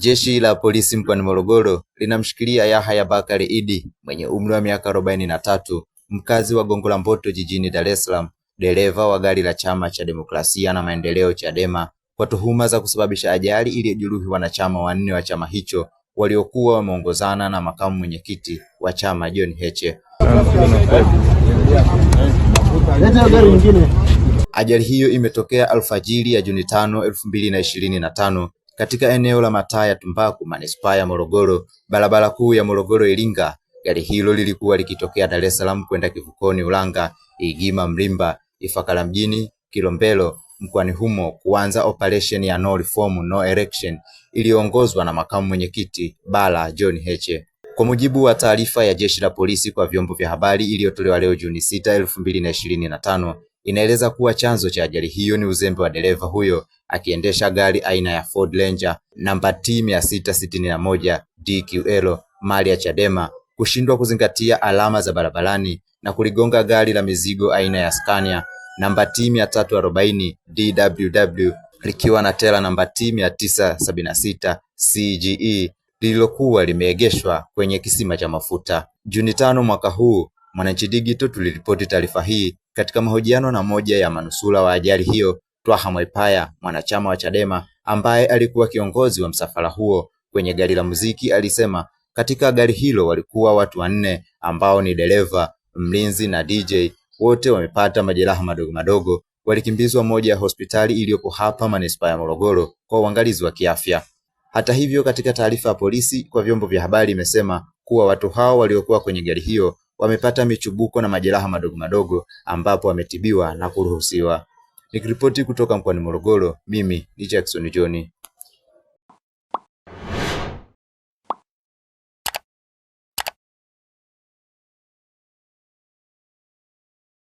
Jeshi la polisi mkoani Morogoro linamshikilia Yahaya Bakari Idi mwenye umri wa miaka arobaini na tatu, mkazi wa Gongo la Mboto jijini Dar es Salaam, dereva wa gari la Chama cha Demokrasia na Maendeleo Chadema, kwa tuhuma za kusababisha ajali iliyojeruhi wanachama wanne wa chama hicho waliokuwa wameongozana na makamu mwenyekiti wa chama John Heche. Ajali hiyo imetokea alfajiri ya Juni tano elfu mbili na ishirini na tano katika eneo la mataa ya Tumbaku, manispaa ya Morogoro, barabara kuu ya Morogoro Iringa. Gari hilo lilikuwa likitokea Dar es Salaam kwenda kivukoni Ulanga, Igima, Mlimba, Ifakara mjini, Kilombero mkoani humo kuanza operation ya no reform no election iliyoongozwa na makamu mwenyekiti bala John Heche. Kwa mujibu wa taarifa ya Jeshi la Polisi kwa vyombo vya habari iliyotolewa leo Juni 6, 2025 inaeleza kuwa chanzo cha ajali hiyo ni uzembe wa dereva huyo akiendesha gari aina ya Ford Ranger namba T 661 sita DQL mali ya Chadema kushindwa kuzingatia alama za barabarani na kuligonga gari la mizigo aina ya Scania namba T 340 DWW likiwa na tela namba T 976 tisa CGE lililokuwa limeegeshwa kwenye kisima cha mafuta. Juni tano mwaka huu, Mwananchi Digital tuliripoti taarifa hii katika mahojiano na moja ya manusura wa ajali hiyo Twaha Mwaipaya, mwanachama wa Chadema ambaye alikuwa kiongozi wa msafara huo kwenye gari la muziki, alisema katika gari hilo walikuwa watu wanne ambao ni dereva, mlinzi na DJ. Wote wamepata majeraha madogo madogo, walikimbizwa moja ya hospitali iliyopo hapa manispaa ya Morogoro kwa uangalizi wa kiafya. Hata hivyo, katika taarifa ya polisi kwa vyombo vya habari imesema kuwa watu hao waliokuwa kwenye gari hiyo wamepata michubuko na majeraha madogo madogo ambapo wametibiwa na kuruhusiwa Nikiripoti kutoka mkoani Morogoro, mimi ni Jackson johni